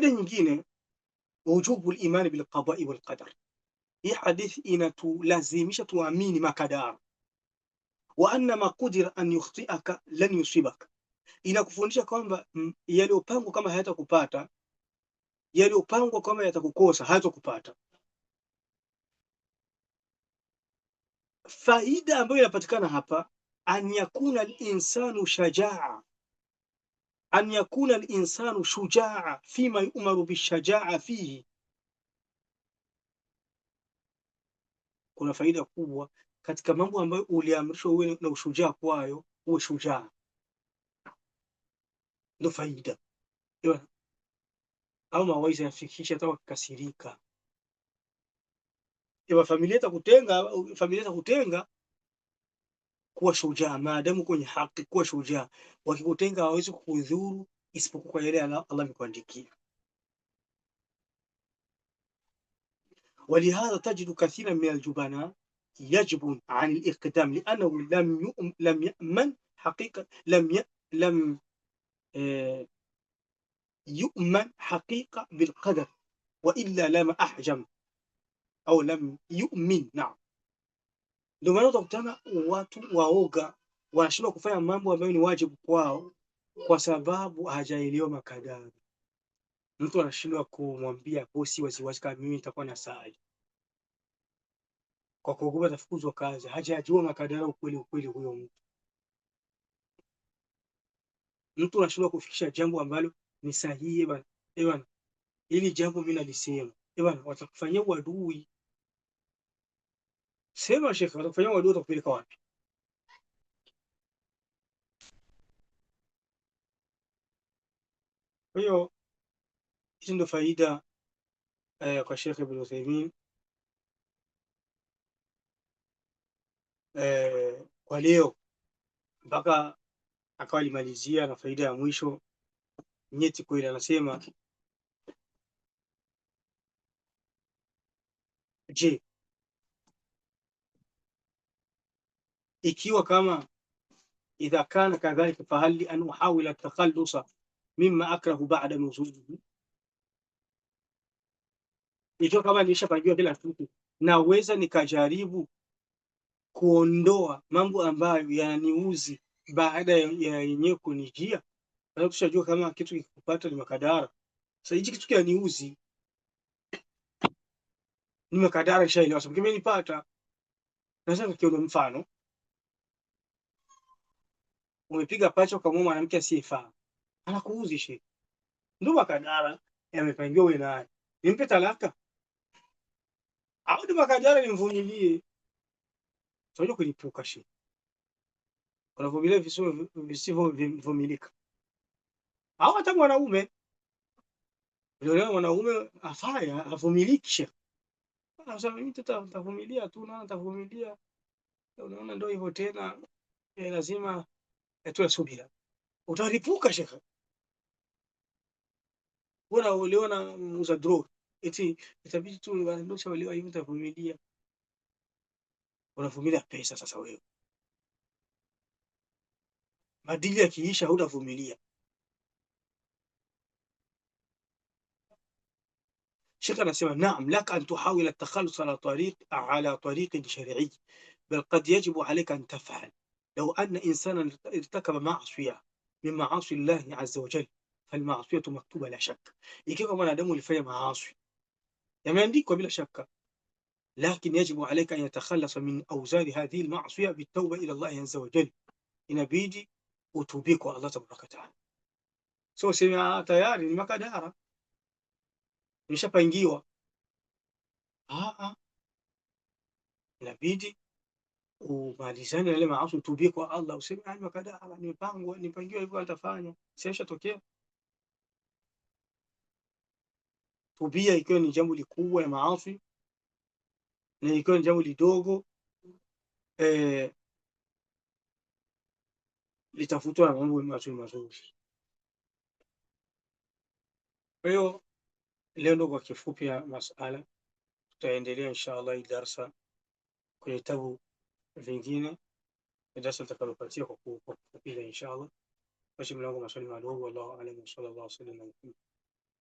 Faida nyingine, wujubu limani bilqadai walqadar. Hii hadithi inatulazimisha tuamini makadara. Wa anna ma qudira an yukhtiaka lan yusibaka, inakufundisha kwamba mm, yaliyopangwa kama hayatakupata, yaliyopangwa kama yatakukosa, hayatakupata. Faida ambayo inapatikana hapa, an yakuna linsanu shajaa an yakuna linsanu shujaa fima yumaru bishajaa fihi. Kuna faida kubwa katika mambo ambayo uliamrishwa uwe na ushujaa kwayo, uwe shujaa, ndo faida au mawaiza yafikisha hata wakikasirika. Familia itakutenga, familia itakutenga kuwa shujaa, maadamu kwenye haki, kuwa shujaa. Wakikutenga hawezi kukudhuru isipokuwa kwa yale Allah amekuandikia. ولهذا تجد كثيرا من الجبناء يجبن عن الاقدام لانه لم يؤم لم يامن حقيقه لم ي... لم آه... يؤمن حقيقه بالقدر والا لم احجم او لم يؤمن نعم Ndio maana utakutana watu waoga wanashindwa kufanya mambo ambayo ni wajibu kwao, kwa sababu hajaelewa makadara. Mtu anashindwa kumwambia bosi waziwazi kama mimi nitakuwa na sai, kwa kuogopa atafukuzwa kazi. Hajajua makadara ukweli ukweli huyo mtu. Mtu anashindwa kufikisha jambo ambalo ni sahihi. Ewana, eh, hili jambo mimi nalisema, ewana, eh, watakufanyia uadui Sema shekhe, watakufanyia dua watakupeleka wapi? Kwa hiyo hizi ndio faida eh, kwa Shekhe Ibn Uthaymin eh, kwa leo mpaka akawa alimalizia na faida ya mwisho nyeti kweli, anasema je, ikiwa kama idha kana kadhalika fahali an uhawila takhallusa mimma akrahu ba'da nuzulihi, ikiwa kama nilishapangiwa kila kitu, naweza nikajaribu kuondoa mambo ambayo yananiuzi baada ya yenyewe kunijia. Sasa tushajua kama kitu kikupata ni makadara. Sasa hichi kitu kianiuzi ni makadara, kishaelewa sababu kimenipata. Nasema kiona mfano umepiga pacha ukamua mwanamke asiyefaa, anakuuzi shehe. Nduba makadara yamepangiwa wewe naye, nimpe talaka au Nduba makadara nimvunyilie? Tunajua kulipuka shehe, unavumilia visivyovumilika. Au hata mwanaume ndio mwanaume afaya avumilikisha, anasema mimi tutavumilia tu, naona tavumilia. Unaona, ndio hivyo tena, eh, lazima tunasubira utalipuka shekhe. Bora uliona muuza drug eti itabidi tu wanadosha waliwa hivi, utavumilia unavumilia pesa. Sasa wewe madili yakiisha, hutavumilia shekhe. Anasema naam, lak an tuhawila takhalus ala tariq ala tariqin shar'i bal qad yajibu alayka an taf'al لو أن إنسانا ارتكب معصية من معاصي الله عز وجل فالمعصية مكتوبة لا شك يكيب من أدمه لفيا معاصي يعني يمنديك بلا شك لكن يجب عليك أن يتخلص من أوزار هذه المعصية بالتوبة إلى الله عز وجل إن بيجي وتوبيك الله تبارك وتعالى سو سمع تياري المكادارة نشابا نجيوا آه ها آه. نبيدي umalizane yale maasi, utubie kwa Allah, useme yani wakada nimepangwa nipangiwa hivyo atafanya siaisha tokea. Tubia ikiwa ni jambo likubwa ya maasi na ikiwa ni jambo lidogo eh, litafutwa na mambo mazuri mazuri. Kwa hiyo leo ndo kwa kifupi ya masala, tutaendelea insha Allah darsa kwenye kitabu الفنتينة مدرسة التكالوفاتية حقوق حقوقية إن شاء الله أشهد أن لا إله إلا الله والله أعلم شاء الله الله على محمد